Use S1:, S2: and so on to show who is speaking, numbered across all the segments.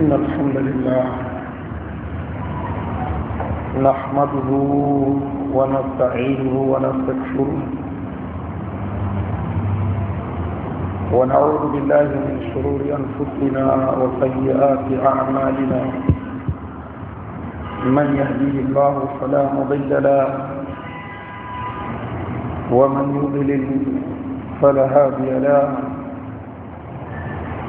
S1: إن الحمد لله نحمده ونستعينه ونستكشره ونعوذ بالله من شرور أنفسنا وسيئات أعمالنا من يهديه الله فلا مضل له ومن يضلل فلا هادي له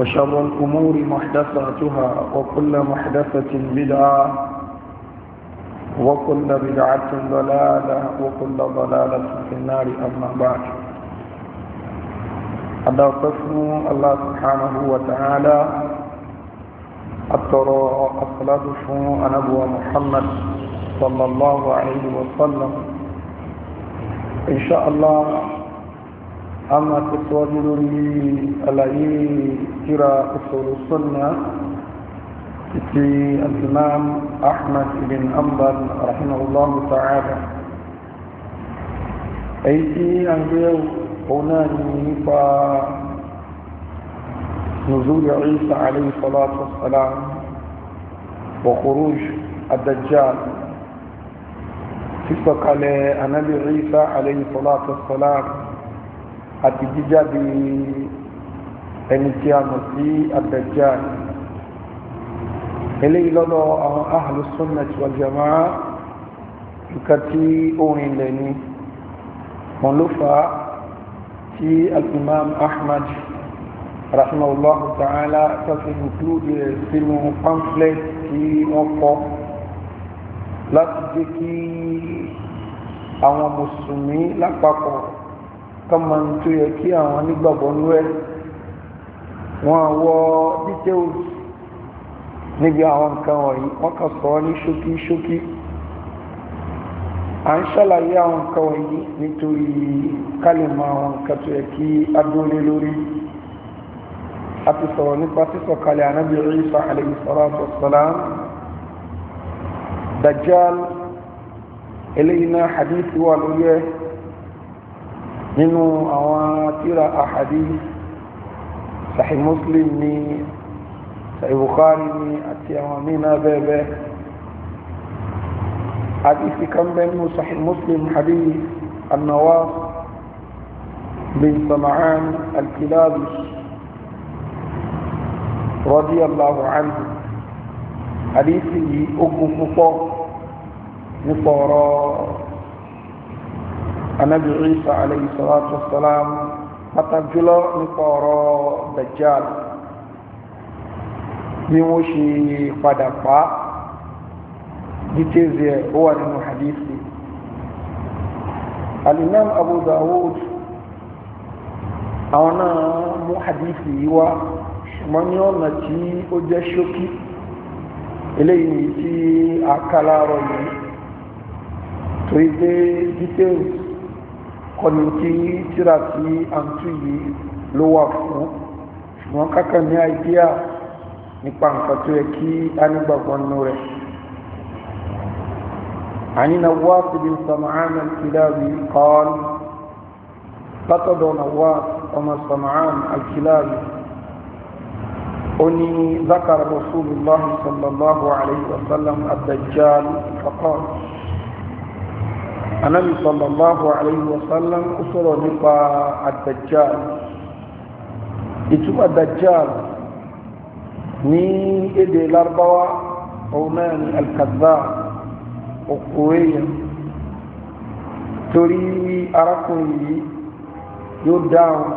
S1: وشر الأمور محدثاتها وكل محدثة بدعة وكل بدعة ضلالة وكل ضلالة في النار أما بعد أدعوكم الله سبحانه وتعالى أترى الصلاة عن أبو محمد صلى الله عليه وسلم إن شاء الله أما تسواجي لوري ألاي أصول السنة في الإمام أحمد بن أنبل رحمه الله تعالى أي في أنبيو هنا نيفا نزول عيسى عليه الصلاة والسلام وخروج الدجال في سقال النبي عيسى عليه الصلاة والسلام àti jíjáde ẹni tí a mọ̀ sí ad-Dajjal eléyìí lọ́dọ̀ àwọn ahlu sunnah wal jama'a nǹkan tí orin ilẹ̀ ni wọn ló fa tí al-imam ahmad rahimahullahu ta'ala tàbí include rẹ̀ sínú pamphlet tí wọ́n kọ́ láti jẹ́ kí àwọn mùsùlùmí lápapọ̀ kọ́mọ tó yẹ kí àwọn onígbàgbọ́ nú ẹ̀ wọ́n wọ details níbi àwọn nǹkan wọ̀nyí wọ́n kà sọ ọ́ ní ṣókí ṣókí à ń ṣàlàyé àwọn nǹkan wọ̀nyí nítorí kálímà àwọn nǹkan tó yẹ kí adúlé lórí a ti sọ̀rọ̀ nípa sísọ̀kalẹ̀ ànábì Ìsá alayhi salatu Dajjal eléyìí náà hadith wà lórí ẹ̀ nínú àwọn tíra àhàdí sahih muslim ni sahih bukhari ni àti àwọn mína bẹ́ẹ̀bẹ́ hadithi kan bẹ́ẹ̀ nínú sahih muslim hadith annawas bin sam'an al-kilabi radiyallahu anhu hadithi yìí ogun púpọ̀ nípa ọ̀rọ̀ anabi isa alayhi salatu wasalam pàtàkì jùlọ nípa ọ̀rọ̀ dajjal bí wọ́n ṣe padà pa details yẹ ó wà nínú hadithi alimam abu dawud àwọn náà mú hadithi yìí wá ṣùgbọ́n ní ọ̀nà tí ó jẹ́ ṣókí eléyìí tí a kà láàárọ̀ yìí torí pé details kọlu tí tíra tí a ń tú yìí ló wà fún ṣùgbọ́n kákà ní àìdíà nípa nǹkan tó yẹ kí a nígbàgbọ́ nínú rẹ̀ عن نواس بن سمعان الكلابي قال لقد نواس وما سمعان الكلابي أني ذكر رسول الله صلى الله عليه وسلم الدجال فقال anabi sallallahu alayhi wa sallam ó sọ̀rọ̀ nípa ad-dajjal ìtumọ̀ dajjal ní èdè Lárúbáwá òun náà ni al-kadhdhab òkúrẹ́ yẹn torí arákùnrin yìí yóò dá àwọn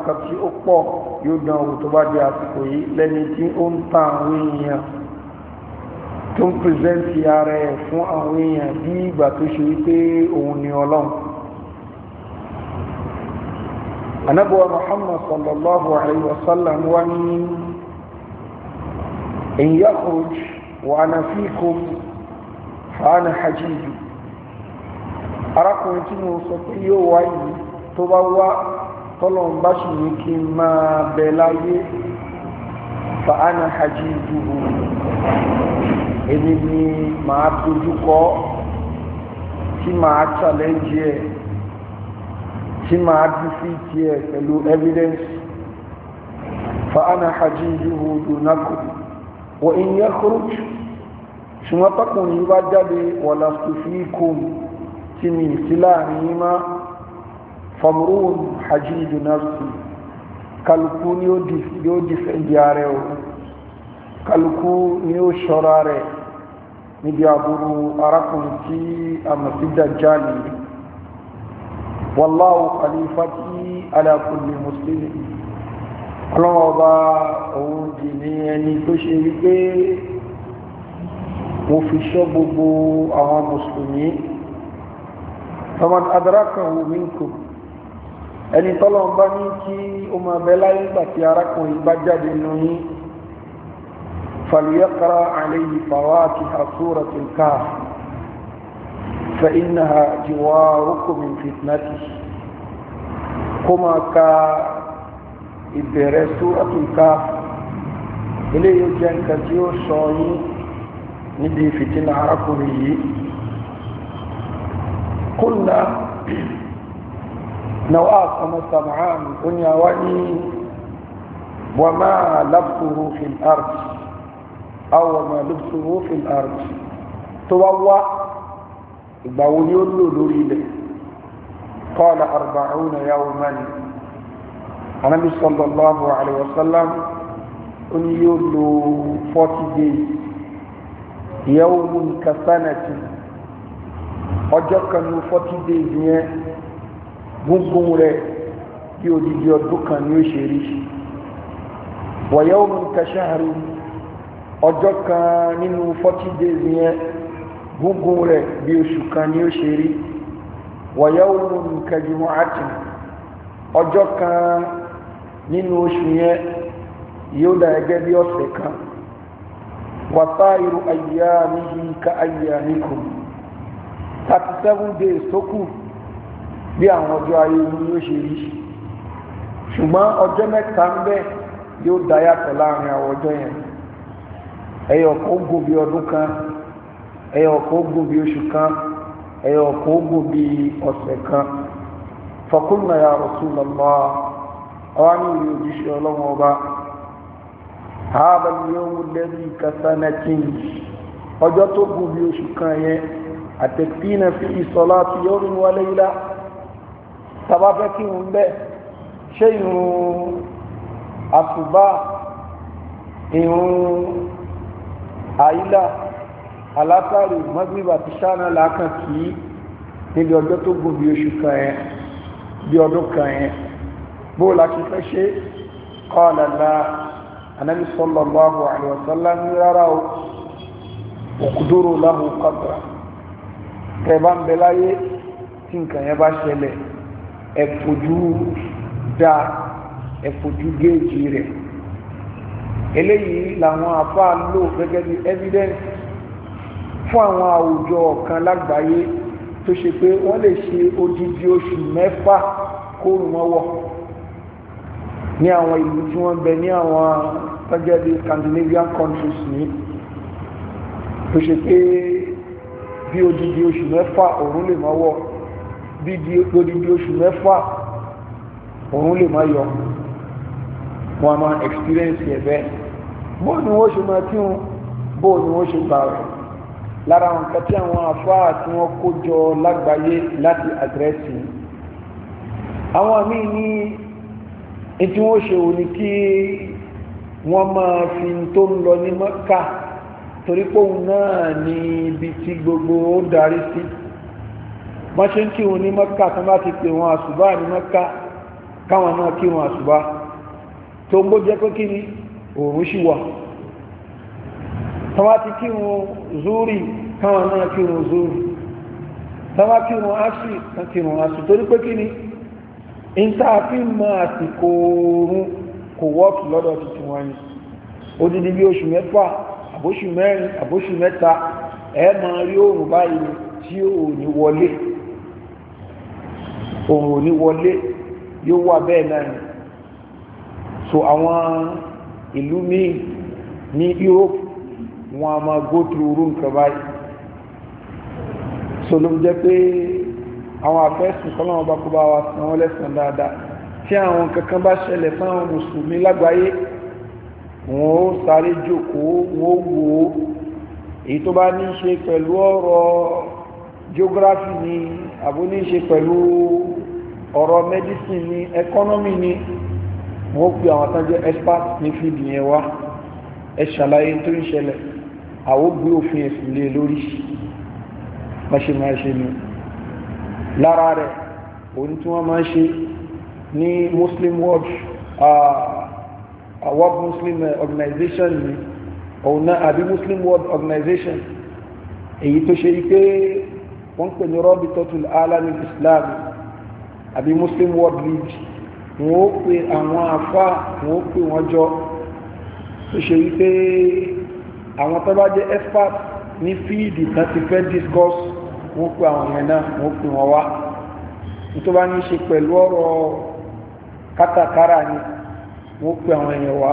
S1: ó pọ̀ yóò dán tó bá di àsìkò yìí lẹ́ni tí ó ń ta àwọn tó ń pèsèntì ara ẹ̀ fún àwọn èèyàn bí ìgbà tó ṣe wípé òun ni ọlọ́run anábọ̀wà muhammad sallallahu alayhi wa sallam wá ní in yakhruj wa ana fikum fa ana hajiju arákùnrin tí mo sọ pé yóò wáyìí tó bá wá tọ́lọ̀ ń bá ṣì ní kí n máa bẹ̀ láyé fàánà hajj dùbù èmi ni màá dojú kọ tí màá challenge ẹ tí màá defeat ẹ pẹ̀lú evidence fàánà hajj dùbù dùnàkù wọ ìyẹn kúrúkú ṣùgbọ́n tọkùnrin bá jáde wọ̀lá fífíkùn tí mi sí láàrin yìí má fọmùrún hajj dùnàkù kálukú ni ó dìfẹ́ di ààrẹ o kálukú ni ó ṣọ́ra rẹ̀ níbi àbúrú arákùnrin tí a mọ̀ sí dàjáàlì wallahu khalifati ala kulli muslimin ọlọ́wọ́ bá òun dì ní ẹni tó ṣe wípé mo fi ṣọ́ gbogbo àwọn mùsùlùmí faman adrakahu minkum ẹni tọ́lọ̀ ní kí ó máa bẹ láyé gbà arákùnrin bá jáde nù yín فليقرأ عليه فواكه سورة الكهف فإنها جواركم من فتنته كما كا إبرة سورة الكهف إليه جنك ديو شوي ندي فتن عرقه قلنا نوآت أما سمعان قلنا وإن وما لبثه في الأرض àwọn ọmọ lóṣùwò fi àrùn tó wá wá ìgbà wo ni ó lò lórí ilẹ̀ kọ́ọ̀lá arba'una yawman anábì sallallahu alaihi wasallam ó ní yóò lò 40 days yawmun kasanati ọjọ́ kan ní 40 days yẹn gúngún rẹ̀ bí odidi ọdún kan ní ó ṣe rí wa yawmun kashahri ọjọ́ kan nínú 40 days yẹn gúngún rẹ̀ bí oṣù kan ni ó ṣe rí wa yawmun kajumu'atin ọjọ́ kan nínú oṣù yẹn yóò dà gẹ́gẹ́ bí ọ̀sẹ̀ kan wa sa'iru ayyamihi ka ayyamikum 37 days tó kù bí àwọn ọjọ́ ayé ni ó ṣe rí ṣùgbọ́n ọjọ́ mẹ́ta ń bẹ yóò dá yàtọ̀ láàrin àwọn ọjọ́ yẹn ẹyọ kó gùn bí kan ẹyọ kó gùn bí kan ẹyọ kó gùn bí kan ya Rasulullah ọwá ní ìlú òjíṣẹ́ ọlọ́wọ́ ọba ba, yóò lẹ́bí kásánà tíì ọjọ́ tó gùn bí oṣù kan yẹn fi ìsọ̀lá ti yóò rí wọlé ilá tàbáfẹ́ kí n bẹ́ àyílà alátàrí mọ́gbìbà ti sáànà lákàn kí níbi ọjọ́ tó gùn bí oṣù kan ẹ̀ bí ọdún kan ẹ̀ bó láti fẹ́ ṣe kọ́ọ̀lẹ̀lá anábi sallallahu alaihi wasallam ní rárá o òkúdóró láhùn kọ́dọ̀rà tẹ̀bá ń bẹ láyé tí nǹkan yẹn bá ṣẹlẹ̀ ẹ̀fòjú dá ẹ̀fòjú géèjì rẹ̀ eléyìí làwọn àfáà lò gẹ́gẹ́ bí evidence fún àwọn àwùjọ kan lágbàáyé tó ṣe pé wọ́n lè ṣe odidi oṣù mẹ́fà kóòrùn wọn wọ̀ ní àwọn ìlú tí wọ́n bẹ ní àwọn gẹ́gẹ́ bí Scandinavian countries ní tó ṣe pé bí odidi oṣù mẹ́fà òun lè máa wọ̀ bí odidi oṣù mẹ́fà òun lè máa yọ wọn a máa experience ẹ̀ bẹ́ẹ̀ bóò ni wọ́n ṣe máa kí wọn bóò ni wọ́n ṣe gbà rẹ̀ lára àwọn nǹkan tí àwọn afáà tí wọ́n kó jọ lágbàáyé láti àdírẹ́sì àwọn míì ní ètí wọ́n ṣe wò ní kí wọ́n máa fi tó ń lọ ní mọ́kà torí pé náà ní ibi tí gbogbo ó darí sí wọ́n ṣe ń kí wọn ní mọ́kà tó bá ti pè wọn àṣùbá ní mọ́kà káwọn náà kí wọn àṣùbá tó ń bó pé kí ni òòrùn sì wà tọ́wá ti zuri zúrì káwọn náà kírun zúrì tọ́wá kírun áṣì kan kírun áṣì torí pé kí ni ìntàfin máa àsìkò oòrùn kò wọ́ọ̀kì lọ́dọ̀ tuntun wọn ni odidi bí oṣù mẹ́fà àbóṣù mẹ́rin àbóṣù mẹ́ta ẹ máa rí oòrùn báyìí tí oòrùn ní wọlé wole ní so awon ìlú míì ní Europe wọn a máa go through room kan báyìí so ló ń jẹ́ pé àwọn afẹ́sùn kọ́lọ́wọ́n bá kó bá wa san wọ́n lẹ́sàn dáadáa tí àwọn kankan bá ṣẹlẹ̀ fáwọn mùsùlùmí lágbàáyé wọn ó sáré jókòó wọn ó wò ó èyí tó bá ní ṣe pẹ̀lú ọ̀rọ̀ geography ni àbó ṣe pẹ̀lú ọ̀rọ̀ medicine ni economy ni wọ́n pe àwọn tán jẹ́ experts ní fíìdì yẹn wá ẹ ṣàlàyé tó ń ṣẹlẹ̀ àwọn gbé òfin ẹ̀sìn lé lórí báṣe máa ṣe ni lára rẹ̀ òun tí wọ́n máa ṣe ní muslim world uh, world muslim eh, organization ni òun náà àbí muslim world organization èyí tó ṣe pé wọ́n pè ní rọ́bì tọ́tù alami islam àbí muslim world league wọ́n ó pe àwọn afá wọ́n ó pe wọ́n jọ tó ṣe wípé àwọn tó bá jẹ́ expert ní fíìdì tán ti fẹ́ discuss wọ́n pe àwọn yẹn náà wọ́n pe wọ́n wá tó bá ní ṣe pẹ̀lú ọ̀rọ̀ kátàkárà ni wọ́n pe àwọn èèyàn wá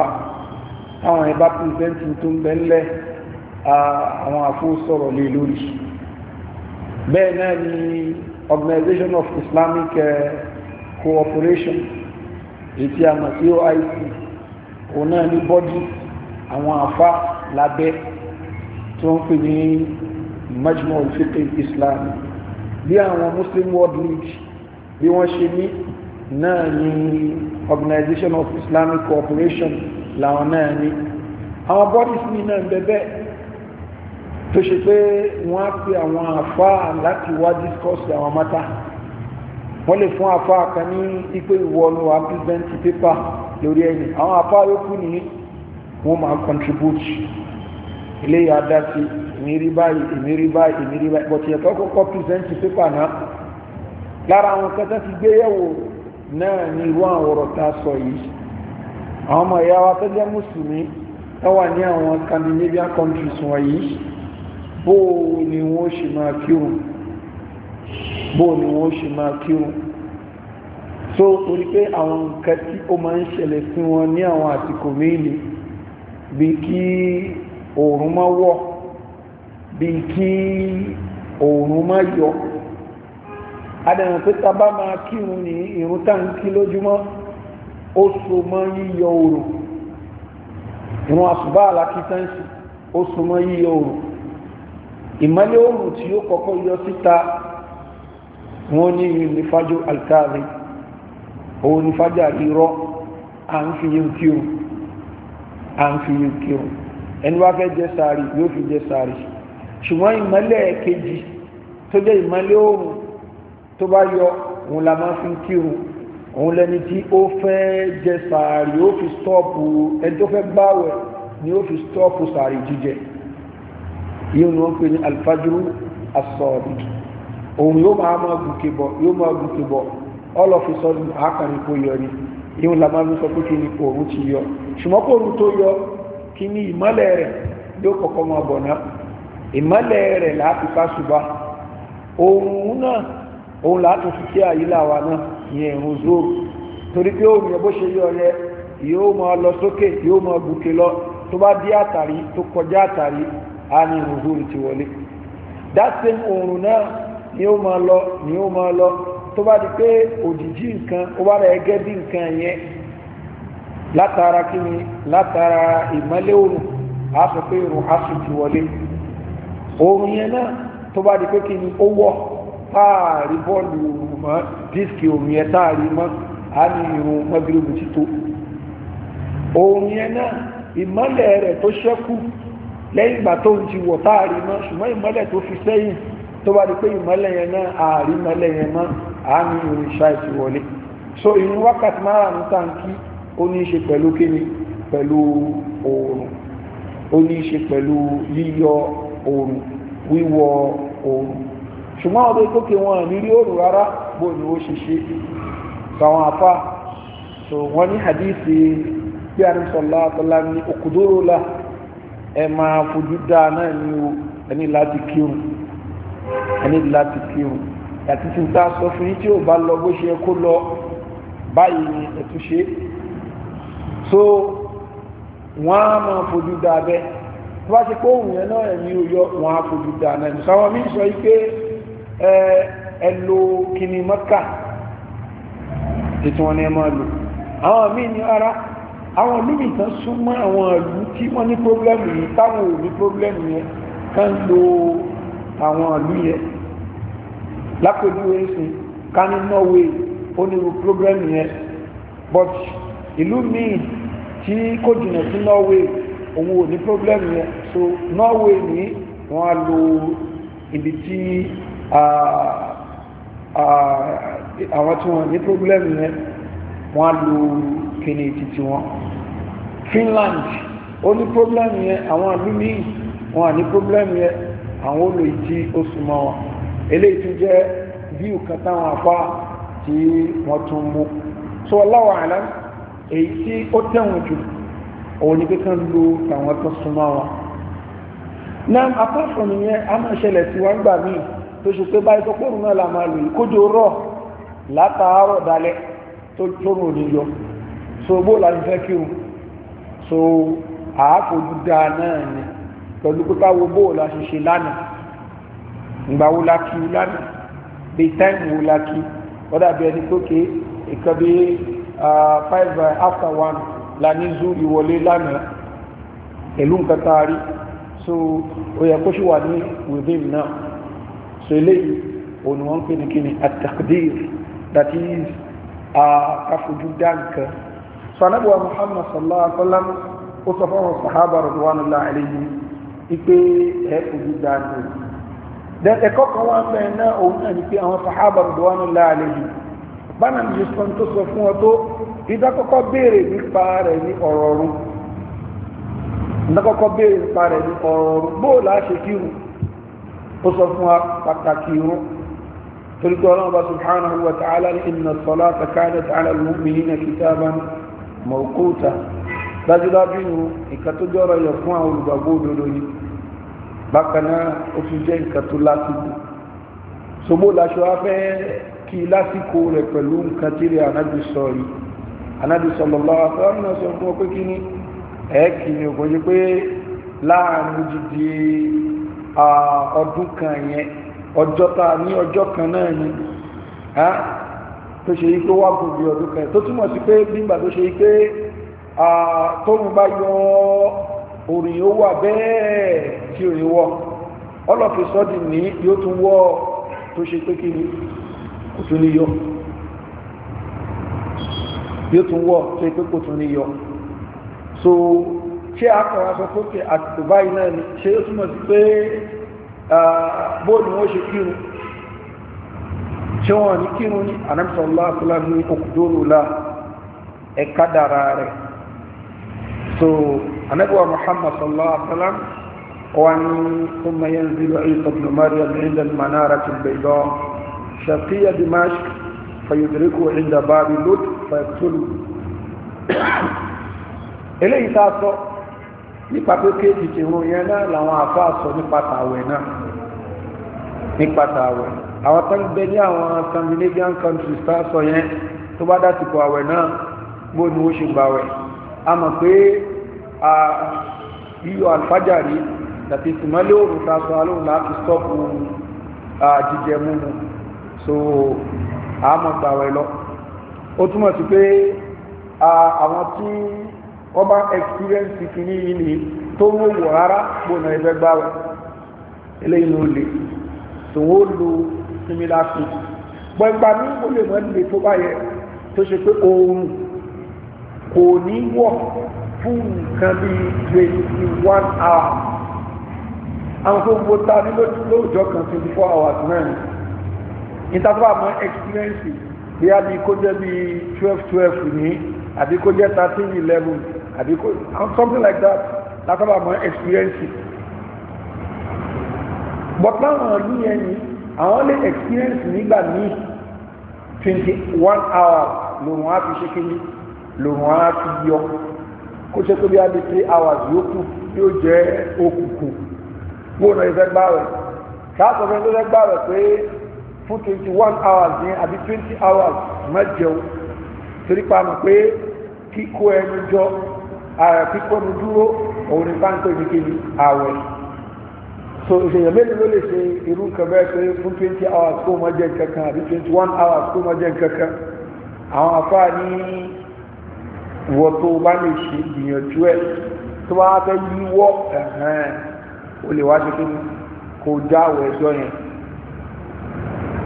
S1: táwọn ẹ̀ bá pìrìsẹ́ntì tó ń bẹ́ńlẹ̀ àwọn àfóòsọ̀rọ̀ lè lórí bẹ́ẹ̀ náà ni organization of islamic uh, cooperation ètí àmọ̀ sí oic òun náà ní bọ́dí àwọn afá lábẹ́ tí wọ́n pè ní majmọ̀ olùfẹ́kẹ́ islam bí àwọn muslim world league bí wọ́n ṣe ní náà ní organization of islamic cooperation làwọn náà ní àwọn bodies ní náà bẹ́bẹ́ tó ṣe pé wọ́n á pe àwọn afá láti wá discuss àwọn mata wọ́n lè fún afá kan ní ipò ìwọ̀nù àpìsẹ́ntì pépà lórí ẹ̀yìn àwọn afá yòókù ní wọ́n máa contribute ilé yàda sí ìmírí báyìí ìmírí báyìí ìmírí báyìí bọ̀tí ẹ̀tọ́ kọ́kọ́ pìsẹ́ntì pépà náà lára àwọn kẹta ti gbé yẹ̀wò náà ní irú àwọn ọ̀rọ̀ tá a sọ yìí àwọn ọmọ ìyá wa tó jẹ́ mùsùlùmí tó wà ní àwọn Scandinavian countries wọ̀nyí bóò ni wọ́n ṣe máa kírun bóò ni wọ́n ṣe máa kírun so orí pé àwọn nǹkan tí ó máa ń ṣẹlẹ̀ sí wọn ní àwọn àsìkò méèlì bí kí oòrùn má wọ̀ bí kí oòrùn yọ adẹ̀rùn pé ta máa kírun ní lójúmọ́ ó so mọ́ yíyọ ó so mọ́ yíyọ oòrùn ìmọ́lẹ̀ tí ó kọ́kọ́ yọ síta wọ́n ní ìfájò alkazi òun ni fájà irọ́ à ń fi yín kí o à ń fi yín kí o ẹni wá fẹ́ jẹ sàárì yóò fi jẹ sàárì ṣùgbọ́n ìmọ́lẹ̀ kejì tó jẹ́ ìmọ́lẹ̀ oòrùn tó bá yọ òun la máa fi ń kírun òun lẹni tí ó fẹ́ jẹ sàárì ó fi stọ́ọ̀pù ẹni tó fẹ́ gbáwẹ̀ ni ó fi stọ́ọ̀pù sàárì jíjẹ yíò ni wọ́n pè ní alfajru asọ́ọ̀dì òun yóò máa máa gùnkè bọ̀ yóò máa gùnkè bọ̀ ọlọ́fi sọ ní àákàrí kó yọ ni ìhun la máa ń sọ pé kí ni òun ti yọ ṣùgbọ́n kó òun tó yọ kí ni ìmọ́lẹ̀ rẹ̀ yóò kọ́kọ́ máa bọ̀ náà ìmọ́lẹ̀ rẹ̀ láti fásùbá òun náà òun láti fi kí àyílà wa náà yẹn ìrùn zoro torí pé òun yẹ bó ṣe yọ rẹ yóò máa lọ sókè yóò máa gùnkè lọ tó bá dé àtàrí tó kọjá àtàrí á ní ìrùn zoro ti wọlé dá sẹ́yìn òun náà ni o máa lọ ni o máa lọ tó bá di pé òjìjí nǹkan ó bá rẹ̀ gẹ́ bí nǹkan yẹn látara kí latara látara ìmọ́lẹ̀ òrùn á sọ pé òrùn á ti wọlé òrùn yẹn náà tó bá di pé kí ó wọ̀ táàrí bọ́ọ̀lù òrùn mọ́ díìsì òrùn yẹn táàrí mọ́ á ní irun mọ́gírìbù títò òun yẹn náà ìmọ́lẹ̀ rẹ̀ tó ṣẹ́kù lẹ́yìn ìgbà tó ń ti wọ̀ táàrí mọ́ ṣùgbọ́n fi sẹ́yìn tó bá di pé ìmọ́lẹ̀ yẹn náà ààrí mọ́lẹ̀ yẹn mọ́ àmì òrìṣà ìtìwọlé so ìrun wákàtí márùn-ún tàǹkì ó ní í ṣe pẹ̀lú kíni pẹ̀lú oòrùn ó ní í ṣe pẹ̀lú yíyọ oòrùn wíwọ oòrùn ṣùgbọ́n ọdún ìkókè wọn ní rí oòrùn rárá bó ni ó ṣe ṣe sàwọn àfá so wọ́n ní hadithi bí àrùn sọ̀lá àtọ́lá ní òkúdóró la ẹ máa fojú dáa náà ní o ẹni láti kírun a ní láti kírun àti tí n ta sọ fún yín tí ò bá lọ bó ṣe yẹ kó lọ báyìí ni ẹ̀tún ṣe so wọ́n á máa fojú dáa bẹ́ẹ̀ tó bá ṣe pé òun yẹn náà ẹ̀mí ò yọ wọ́n á fojú dáa náà nìkan wọn mi sọ yìí pé ẹ lo kíní mọ́kà títí wọn ní ẹ máa lò àwọn míì ní ara àwọn olómi kan súnmọ́ àwọn ìlú tí wọ́n ní pọ́blẹ́mù yìí táwọn ò ní pọ́blẹ́mù yẹn kán lo àwọn ìlú yẹn lápèjúwe sí ká ní Norway ó ní irú program yẹn but ìlú míì tí kò jìnnà sí Norway òun ò ní problem yẹn so Norway ní wọ́n á lo ibi tí àwọn tí wọ́n ní problem yẹn wọ́n á lo kíni títí wọn Finland ó ní problem yẹn àwọn ìlú míì wọ́n á ní problem yẹn àwọn olè tí ó súnmọ́ wọn eléyìí tún jẹ́ bíu kan táwọn afá tí wọ́n tún mú so Allahu a'lam èyí tí ó tẹ̀wọ̀n jù òun ni kankan lo tàwọn tó súnmọ́ wọn náà apáfọ̀ nìyẹn a máa ṣẹlẹ̀ sí wọn gbà míì tó ṣe pé báyìí tó kóòrùn náà la máa lò ìkójò rọ̀ látàárọ̀ dalẹ̀ tó tóòrùn òní yọ so bó la ń fẹ́ kí o so àáfojú dáa náà ni pẹ̀lú kó táwo bóòlù àṣìṣe lánàá ìgbà wo la kí lánàá bí táìmù wo la kí ọ̀dà bí ẹni tó ké ìkan bí five uh, after one la ní zú ìwọlé lánàá pẹ̀lú nǹkan tá a rí so ó yẹ kó ṣì wà ní within náà so eléyìí òun ni wọ́n pè ní kíni at that is káfojú dá nǹkan so anábọ̀ muhammad sallallahu alaihi wa sallam ó sọ fún àwọn sàhábà radwanullahi alaihim wípé ẹ fojú dáadé then ẹ̀kọ́ kan wá bẹ́ẹ̀ náà òun náà ni pé àwọn sàhábà ridwanullahi alayhim bánà ní yusuf tó sọ fún ọ tó ìdákọ́kọ́ béèrè nípa rẹ̀ ní ọ̀rọ̀ ọ̀run ìdákọ́kọ́ béèrè ó sọ fún wa pàtàkì irun torí pé ọlọ́run dájúdájú nǹkan tó jọ́rọ̀ yẹ fún àwọn olùgbàgbọ́ òdodo ni bákan náà ó tún jẹ́ nǹkan tó lásìkò ṣogbó laṣọ afẹ́ kí lásìkò rẹ̀ pẹ̀lú nǹkan tí rẹ̀ anábì sọ yìí anábì sallallahu alaihi wasallam náà sọ fún ọ pé kí ni ẹ̀ẹ́kì ni ògùn yìí pé láàrin jíjí ọdún kan yẹn ọjọ́ ta ní ọjọ́ kan náà ni tó ṣe yí pé wá gbogbo ọdún kan tó túmọ̀ sí pé bí ìgbà tó ṣe yí pé tóun bá yọ òrìn ó wà bẹ́ẹ̀ tí òrìn wọ ọlọ́fẹ́ sọ́dì ní yóò tún wọ́ tó ṣe pé kí ni kò tún ní yọ yóò tún wọ́ tó ṣe pé kò tún ní so ṣé akọ̀rọ̀ asọ́kókè àtìkò báyìí náà ni ṣe yóò túnmọ̀ sí pé bóòlù wọ́n ṣe kírun ṣe wọ́n ní kírun ní anamsọ̀lá fúlàní okùdóró la ẹ̀ka dára rẹ̀ so anabiwa muhammad sallallahu alaihi wasallam wani kuma yanzilu isa ibn maryam inda manara albayda shaqiya dimashq fayudriku inda babi lut fayaktulu eléyìí tá a sọ nípa pé kéèjì ti rún yẹn náà làwọn àfa sọ nípa tààwẹ̀ náà nípa tààwẹ̀ àwọn tó ń gbé ní àwọn scandinavian countries tá a sọ yẹn tó bá dásìkò àwẹ̀ náà bó ni ó ṣe gbàwẹ̀ a mọ̀ pé yíyọ àlùfájàrí àti ìsìnmọ́lé òòrùn ta sọ alóhùn láti sọ́ọ̀bù jíjẹ múmu so àmọ́ gbàwẹ̀ lọ ó túmọ̀ sí pé àwọn tí wọ́n bá experience kìíní yìí ni tó ń wò rárá gbóná ẹgbẹ́ gbáwẹ̀ eléyìí ló lè tó wọ́n lo similar food bọ́ ìgbà ní ó lè mọ́ lè tó bá yẹ tó ṣe pé oòrùn kò ní wọ̀ fún nǹkan bí twenty one hour àwọn tó ń bo ta ní lóòjọ́ kan twenty four hours náà ni ìtàkùn àmọ́ experience bí a bí kó jẹ́ bí twelve twelve ní àbí kó jẹ́ thirteen eleven àbí kó something like that látàbà mọ́ experience but láwọn ọdún yẹn ni àwọn lè experience nígbà ní twenty one hours lòun á fi ṣe kí ni lòun á fi yọ kó ṣe pé bí a di three hours yòókù yóò jẹ́ òkùnkùn gbóná ìfẹ́ gbá rẹ̀ káàtọ̀ fẹ́ ló fẹ́ gbá rẹ̀ pé fún twenty one hours yẹn àbí twenty hours mẹ́jẹun torí pa mọ̀ pé kíkó ẹnu jọ kíkó ẹnu dúró òun ní báńkì ìdíkejì ààwẹ̀ so ìṣèyàn mélòó ló lè ṣe irú nǹkan bẹ́ẹ̀ pé fún twenty hours kó mọ jẹ nǹkan kan àbí twenty one hours kó mọ jẹ nǹkan kan àwọn afáà wọ tó bá lè ṣe gbìyànjú ẹ tó bá fẹ́ yíwọ́ ẹ̀hẹ́n o lè wá ṣe kí ni kò já àwọ̀ ẹjọ́ yẹn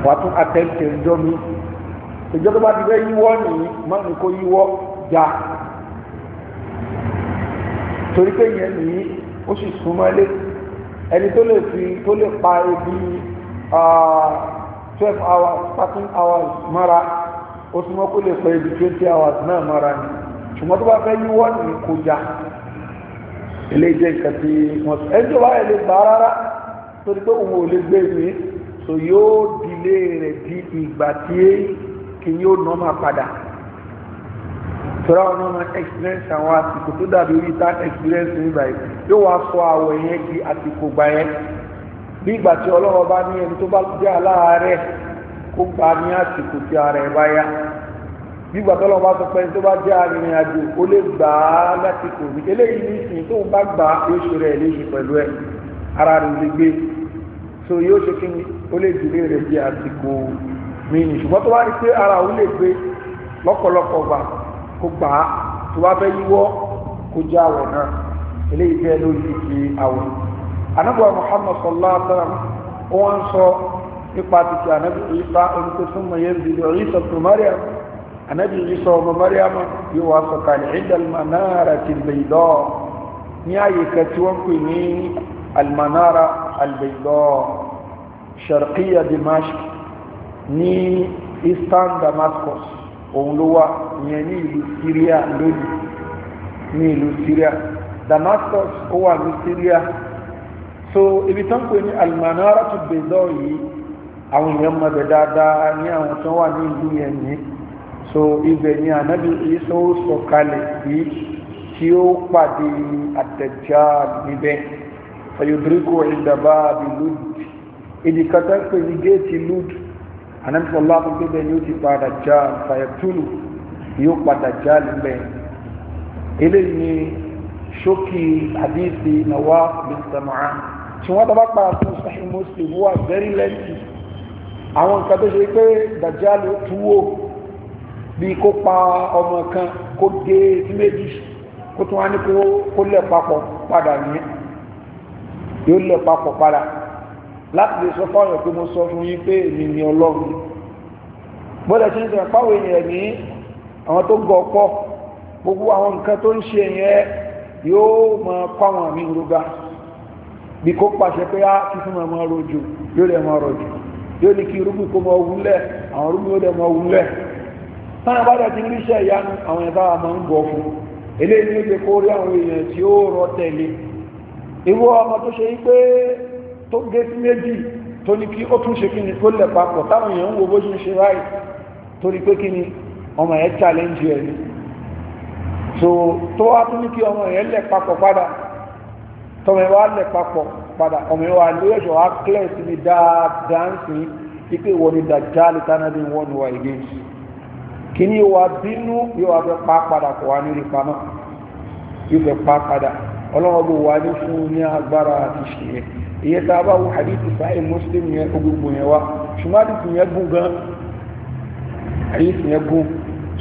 S1: wà á tún àtẹ̀tẹ̀ ẹjọ́ mi ìjọ tó bá ti fẹ́ yíwọ́ nìyí má ní kó yíwọ́ já torí pé yẹn nìyí ó sì súnmọ́lé ẹni tó lè fi tó lè pa ebi twelve hours thirteen hours mara, ó súnmọ́ kó lè pa ebi twenty hours náà mọ́ra nìyí ṣùgbọ́n tó bá fẹ́ yíwọ́ ní kò já ilé jẹ́ nǹkan tí wọ́n sọ ẹni tó bá lè gbà rárá torí pé òun ò lè gbé mi so yóò dilé rẹ̀ di ìgbà tí kì yóò nọ́ máa padà tọ́ra wọn náà máa experience àwọn àsìkò tó dàbí orí tá experience nígbà yìí yóò wá sọ àwọ̀ yẹn di àsìkò gbà yẹn bí ìgbà tí ọlọ́run bá ní ẹni tó bá jẹ́ aláàárẹ̀ kó gbà ní àsìkò tí ara ẹ̀ bá yá gbígbà tọ́lọ́ bá sọ pé tó bá jẹ́ arìnrìn àjò ó lè gbà á láti kò ní eléyìí ní ìsìn tó ń bá gbà á yóò ṣe rẹ̀ léṣe pẹ̀lú ẹ̀ ara rẹ̀ lè gbé so yóò ṣe kí ni ó lè dìlé rẹ̀ bí àsìkò mi nì ṣùgbọ́n tó bá rí pé ara òun lè gbé lọ́pọ̀lọpọ̀ gbà kó gbà á tó bá fẹ́ yíwọ́ kó já àwẹ̀ náà eléyìí jẹ́ lórí ti àwẹ̀ anábọ̀ Muhammad sallallahu alaihi wa sallam ó wá ń sọ nípa títí anábì Isa oníkó súnmọ́ yẹn bìbí Isa tó anabi isa ọmọ mariama yóò wá sọ̀kalẹ̀ ìdàlmanara ti bẹ̀dọ̀ ní ààyè kan tí wọ́n pè ní almanara albẹ̀dọ̀ sharqiya dimashq ní eastern damascus òun ló wà yẹn ní ìlú syria lónìí ní ìlú syria damascus ó wà ní syria so ibi tán pè ní almanara ti bẹ̀dọ̀ yìí àwọn èèyàn mọ̀ bẹ̀ dáadáa ní àwọn tó wà ní ìlú yẹn yìí so ibẹ̀ ni ànábì Ìsá ó sọ̀kalẹ̀ yìí tí ó pàdé Ad-Dajjal níbẹ̀ fayodriko ìdàbà bí lud ìdíkàtà pé ní géètì lud ànábì sọ̀lá tó gbé bẹ́ẹ̀ ni ó ti pa Dajjal fayatulu yóò pa Dajjal níbẹ̀ eléyìí ni ṣókì hadithi Nawaf bin Sam'an tí wọ́n tọ́ba pa fún Sahih Muslim wà very lengthy àwọn nǹkan tó ṣe pé Dajjal ó bí kó pa ọmọ kan kó gé sí méjì kó tún wá ní kó lẹ̀ papọ̀ padà nìyẹn yóò lẹ̀ papọ̀ padà láti lè sọ fáwọn pé mo sọ fún yín pé èmi ni ọlọ́run bọ́dẹ̀ tí ń sọ fáwọn ènìyàn ní àwọn tó gọ ọpọ́ gbogbo àwọn nǹkan tó ń ṣe yẹn yóò mọ pàwọn àmì ìrúgá bí kó pàṣẹ pé á kí fún ọmọ rojò yóò lè mọ rojò yóò ní kí irúgbìn kó mọ wúlẹ̀ àwọn irúgbìn yóò lè mọ wúlẹ̀ táwọn bá dẹ̀ ti ń ríṣẹ́ ìyanu àwọn ẹ̀bá àmà ń bọ̀ fún eléyìí ní ìgbé kórí àwọn èèyàn tí ó rọ tẹ̀lé irú ọmọ tó ṣe yí pé tó gé sí méjì tó ní kí ó tún ṣe kí ni tó lẹ̀ papọ̀ táwọn èèyàn ń wo bó ṣe ń ṣe ráì pé kí ni ọmọ yẹn challenge ẹ̀ so tó wá tún ní kí ọmọ yẹn lẹ̀ papọ̀ padà tọmọ yẹn wá lẹ̀ papọ̀ padà ọmọ yẹn wá lórí ẹ̀ṣọ́ wá clear sí ni dàjálì kíní yóò wá bínú yóò wá fẹ́ pa padà kò wá nírí pamọ́ yóò fẹ́ pa padà ọlọ́wọ́ bó wá ní fún ní agbára àti ṣìyẹ ìyẹn tá a bá wo hadithi sáyé muslim yẹn gbogbo yẹn wá ṣùgbọ́n hadithi yẹn gùn gan hadithi yẹn gùn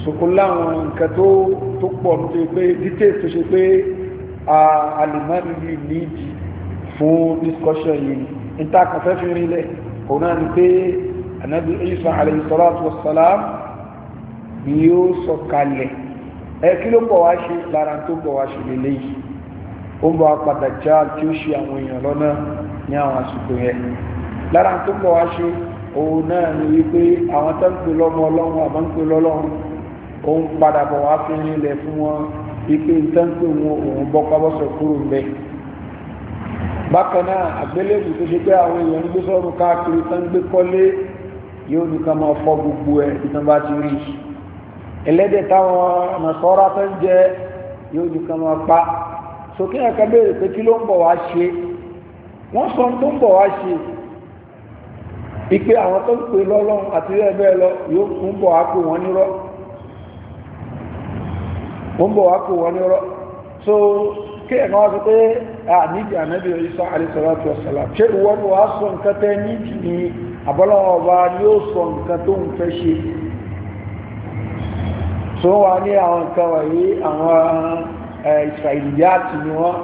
S1: sòkò láwọn nǹkan tó tó pọ̀ tó ṣe pé details tó ṣe pé alimami yìí nídìí fún discussion yìí níta kan fẹ́ fi rinlẹ̀ òun náà ni pé anabi isa alayhi salatu wa salam ni yóò sọ̀kalẹ̀ ẹ kí ló bọ̀ wá ṣe lára tó bọ̀ wá ṣe lélẹ́yìí ó ń bọ̀ apàdà já tí ó ṣe àwọn èèyàn lọ́nà ní àwọn àsìkò yẹn lára tó bọ̀ wá ṣe òun náà ni wípé àwọn tó ń pè lọ́mọ ọlọ́run àbọ̀ ń pè lọ́lọ́run òun padà bọ̀ wá fi rinlẹ̀ fún wọn wípé tó ń pè wọn òun bọ́ pábọ́sọ̀ kúrò ń bẹ bákan náà àgbélébù tó ṣe pé àwọn èèyàn ń gbé sọ́run káàkiri tó ń gbé kọ́lé yóò ní máa fọ́ gbogbo ẹ̀ ìtàn bá ti rí i ẹlẹ́dẹ̀ táwọn nàṣọ́ra tó ń jẹ yóò ní kan máa pa sókè yẹn kan béèrè pé kí ló ń bọ̀ wá ṣe wọ́n sọ tó ń bọ̀ wá ṣe ìpè àwọn tó ń pè lọ́lọ́run àti bẹ́ẹ̀ bẹ́ẹ̀ lọ yóò ń bọ̀ wá pè wọ́n nírọ́ ń bọ̀ wá pè wọ́n nírọ́ so kí ẹ̀kan wá sọ pé a níbi ànábì Ìsá àlẹ́sọ̀láàtù ọ̀sọ̀láàtù ṣé ìwọ́n wá sọ nǹkan tẹ́ níbi ni àbọ́lọ́wọ́ ọba ni sọ nǹkan tó ń fẹ́ ṣe so wà ní àwọn nǹkan wọ̀nyí àwọn israeliyaati ni wọ́n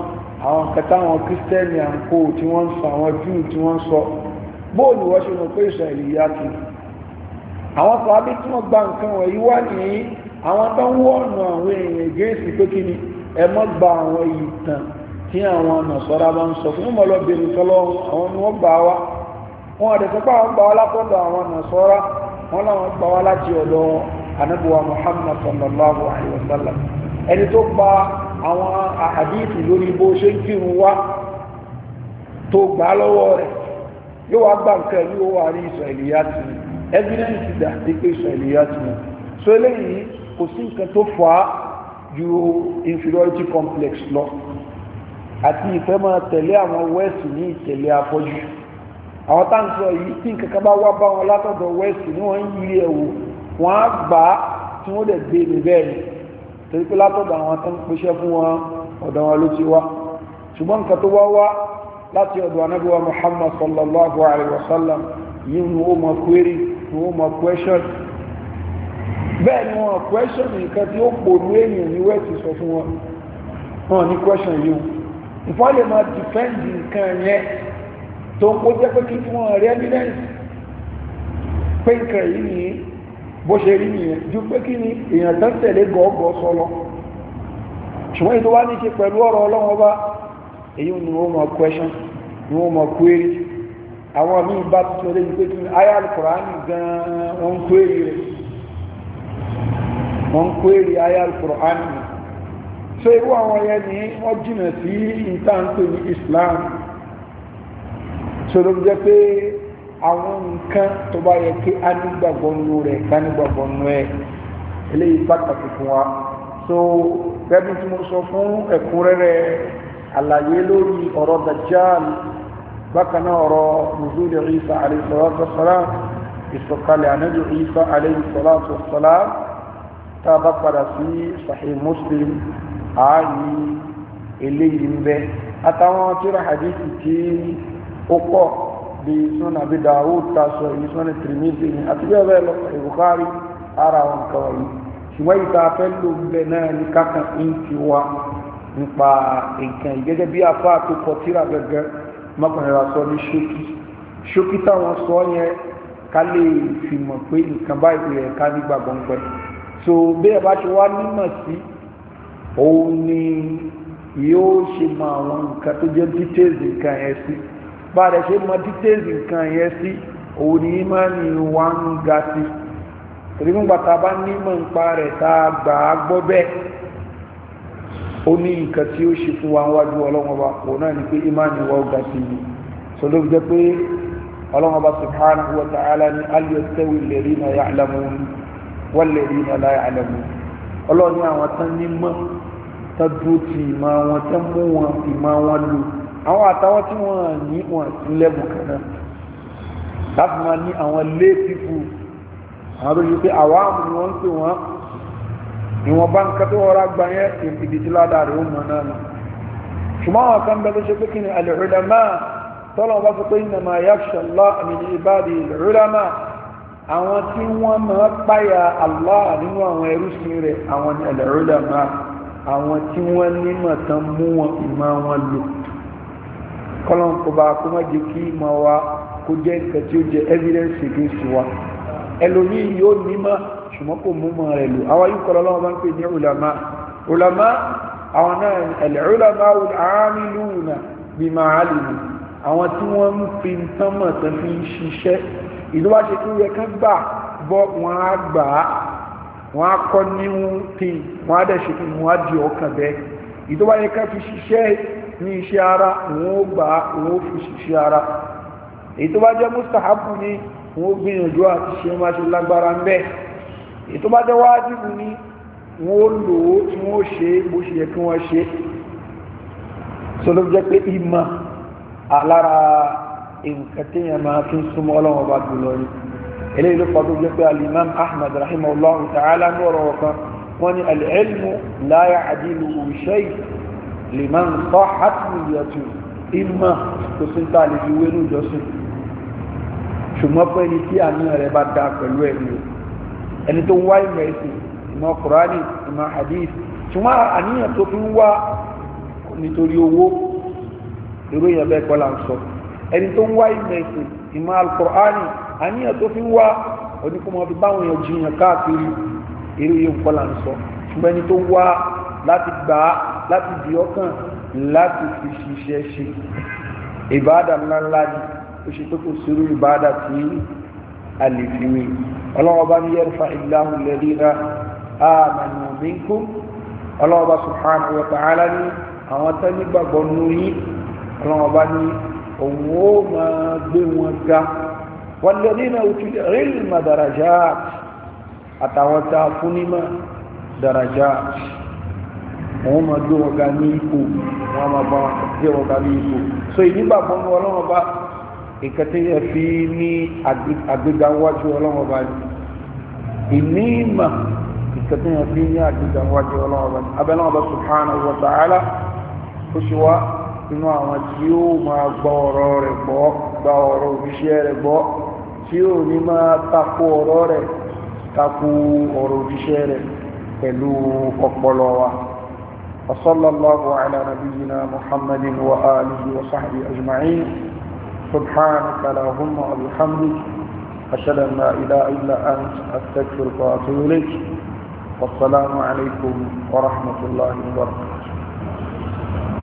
S1: àwọn nǹkan táwọn kírísítẹ́nì à ń kó tí wọ́n ń sọ àwọn júù tí wọ́n ń sọ bóò ni wọ́n ṣe mọ̀ pé israeliyaati àwọn sàábí tí wọ́n gba nǹkan wọ̀nyí wà ní àwọn tó ń wọ́ọ̀nù àwọn èèyàn gẹ̀ẹ́sì pé kí ni ẹ mọ́ gba àwọn ìtàn tí àwọn nàṣọ́ra bá ń sọ fún mọ́ anabuwa muhammad sallallahu alayhi wa sallam ẹni tó gba àwọn àhàdìsì lórí bó ṣe ń kírun wá tó gbà lọ́wọ́ rẹ̀ yóò wá gbà nǹkan ẹ̀mí ó wà ní ìsọ̀ẹ̀lìyàtì evidence dà sí pé ìsọ̀ẹ̀lìyàtì ni so eléyìí kò sí nǹkan tó fà á ju inferiority complex lọ àti ìfẹ́ máa tẹ̀lé àwọn west ní ìtẹ̀lé afọ́jú àwọn táǹsọ̀ yìí tí nǹkan kan bá wá bá wọn látọ̀dọ̀ west ni wọ́n ń yí ẹ̀wò wọ́n á gbà á tí wọ́n dẹ̀ gbé mi bẹ́ẹ̀ ni torí pé látọ̀dọ̀ àwọn tó ń pèsè fún wọn ọ̀dọ̀ wọn ló ti wá ṣùgbọ́n nǹkan tó wá wá láti ọ̀dọ̀ ànábì wa Muhammad sallallahu alaihi wa sallam yìí ni ó mọ question bẹ́ẹ̀ ni question nǹkan tí ó pòlú èèyàn ní wẹ́ẹ̀tì sọ fún wọn wọn ní question yìí ìfọ́n lè máa defend nǹkan yẹn tó ń kó jẹ́ pé kí wọ́n rí evidence pé nǹkan yìí nìyí bó ṣe rí nìyẹn ju pé kí ni èèyàn tán tẹ̀lé gọ́ọ̀gọ́ sọlọ ṣùgbọ́n ètò wá ní ṣe pẹ̀lú ọ̀rọ̀ ọlọ́wọ́ bá èyí ni wọ́n mọ̀ question ni wọ́n mọ̀ query àwọn míì bá tuntun lé ní pé kí ni aya alukurani gan-an wọ́n query rẹ̀ wọ́n query aya alukurani so irú àwọn yẹn ni wọ́n jìnnà sí ìtàǹtò ní Islam so ló jẹ́ pé àwọn nǹkan tó bá yẹ kí a nígbàgbọ́ nínú rẹ̀ ká nígbàgbọ́ nínú ẹ̀ eléyìí pàtàkì fún wa so gẹ́gẹ́ tí mo sọ fún ẹ̀kúnrẹ́rẹ́ àlàyé lórí ọ̀rọ̀ dajjal bákan náà ọ̀rọ̀ nuzul Isa alayhi salatu wassalam ìsọ̀kalẹ̀ ànábì Isa alayhi salatu wassalam tá a bá padà sí Sahih Muslim ààyè eléyìí ń bẹ àtàwọn tíra hadithi tí ó pọ̀ bíi sún àbí Dawud tasọ èyí sún ní Tirmidhi ní àti bẹ́ẹ̀ bẹ́ẹ̀ lọ Bukhari ara àwọn nǹkan wọ̀nyí ṣùgbọ́n ìta fẹ́ ló ń bẹ náà ní kákan ń ti wá nípa nǹkan yìí gẹ́gẹ́ bí afá tó kọ tíra gẹ́gẹ́ mọ́kànlá wa sọ ní ṣókí ṣókí táwọn sọ yẹn ká lè fi mọ̀ pé nǹkan báyìí rẹ̀ ká nígbà gbọ̀ngbẹ́ so bí ẹ bá ṣe wá nímọ̀ sí òun ni yóò ṣe mọ àwọn nǹkan tó jẹ́ details nǹkan ẹ̀ sí bá rẹ̀ ṣe mọ details nǹkan yẹn sí òun ni ìmánì wa ń ga sí torí fún bàtà bá nímọ̀ ń pa rẹ̀ tá a gbà á gbọ́ bẹ́ẹ̀ ó ní nǹkan tí ó ṣe fún wa wájú ọlọ́wọ́n bá òun náà ni pé ìmánì wa ó ga sí ni sọ ló fi jẹ́ pé ọlọ́wọ́n bá subhanahu wa ta'ala ni aliyastawi alladhina ya'lamun walladhina la ya'lamun ọlọ́run ní àwọn tán nímọ̀ tán àwọn àtàwọn tí wọ́n ní wọ́n sí lẹ́bù kan náà láti máa ní àwọn lé pípù àwọn tó yí pé àwáàmù ni wọ́n ń pè wọ́n ìwọ̀n bá ń kẹ́ tó rọra gba yẹn ìdí tí ládàá rẹ̀ ó mọ̀ náà nù ṣùgbọ́n àwọn kan bẹ́ẹ̀ tó ṣe pé kí ni al-ulama tọ́lọ̀ bá sọ pé innama yakhsha Allah min ibadi al-ulama àwọn tí wọ́n máa páyà Allah nínú àwọn ẹrúsìn rẹ̀ àwọn al-ulama àwọn tí wọ́n nímọ̀ tán mú wọn ìmọ̀ wọn lò kọ́lọ́n kó bá kó má jẹ́ kí ìmọ̀ wa kó jẹ́ nǹkan tí ó jẹ́ evidence against wa ẹlòmíì yóò nímọ̀ ṣùgbọ́n kò mú mọ̀ rẹ̀ lò àwọn yìí kọ́lọ́ lọ́wọ́ bá ń pè ní ulama ulama àwọn náà al-ulama al-amiluna bima alimu àwọn tí wọ́n ń fi tán mọ̀ tán fi ń ṣiṣẹ́ ìlú ṣe kí ó yẹ gbà bọ́ wọn á gbà á wọn á kọ́ níwú tí wọn á dẹ̀ ṣe kí wọn á di ọkàn bẹ́ẹ̀ ìlú wa yẹ fi ṣiṣẹ́ ní iṣẹ́ ara wọn ó gbà wọn ó fi ṣiṣẹ́ ara èyí tó bá jẹ́ mustahabu ni wọn ó gbìyànjú àti ṣe máa ṣe lágbára ń bẹ́ èyí tó bá jẹ́ wájibu ni wọn ó lò ó tí wọn ó ṣe bó ṣe yẹ kí wọ́n ṣe sọlọ́ jẹ́ pé ìmọ̀ alára nǹkan máa fi ń súnmọ́ ọlọ́run ọba jùlọ ni eléyìí ló fọdún jẹ́ pé alimam ahmad rahimahullah ta'ala ní ọ̀rọ̀ kan wọ́n ní al-ilmu la ya'dilu lèmọ́n tọ́ hàtìmìyàtù ìmọ̀ kò sí ta lè fi wé ní ìjọsìn ṣùgbọ́n pé ní tí àníyàn rẹ̀ bá dáa pẹ̀lú ẹ̀mí o ẹni tó ń wá ìmọ̀ ẹ̀sìn ìmọ̀ kùránì ìmọ̀ hadith ṣùgbọ́n àníyàn tó fi ń wá nítorí owó irú èèyàn bẹ́ẹ̀ kọ́ là ń sọ ẹni tó ń wá ìmọ̀ ẹ̀sìn ìmọ̀ alkùránì àníyàn tó fi ń wá oníkùnmọ̀ fi báwọn èèyàn jiyàn káàkiri irú èèyàn kọ́ là ń sọ ṣùgbọ́n ẹni tó wá láti gbà á láti di ọkàn láti fi ṣiṣẹ́ ṣe ìbáàdà ńláńlá ni ó ṣe pé kò sírú ìbáàdà tí a lè fi mi ọlọ́wọ́ bá ní yẹ́rùfà ìlàhùn lẹ́rìíra àmàlù mínkù ọlọ́wọ́ bá subhanahu wa ta'ala ní àwọn tó nígbàgbọ́ nú yín ọlọ́wọ́ bá ní òun ó máa gbé wọn ga wọ́n lẹ́rìíra òtún rẹ́lì mà dàrájà àtàwọn tá a fún ní mà dàrájà àwọn máa gbé wọn ga ní ipò wọn máa bá gbé so ìnígbàgbọ́ ní ọlọ́wọ́n bá nǹkan tí fi ní àgbéga wájú ọlọ́wọ́n bá ní ìní ìmà fi ní àgbéga wájú ọlọ́wọ́n bá ní abẹ́lẹ́ wọn bá subhanahu wa ta'ala ó ṣe wá inú àwọn tí ó máa gbọ́ ọ̀rọ̀ rẹ̀ gba ọ̀rọ̀ òjíṣẹ́ rẹ̀ gbọ́ tí ó ní máa ọ̀rọ̀ rẹ̀ wa. وصلى الله على نبينا محمد وآله وصحبه أجمعين سبحانك اللهم وبحمدك أشهد أن لا إله إلا أنت أستغفرك وأتوب إليك والسلام عليكم ورحمة الله وبركاته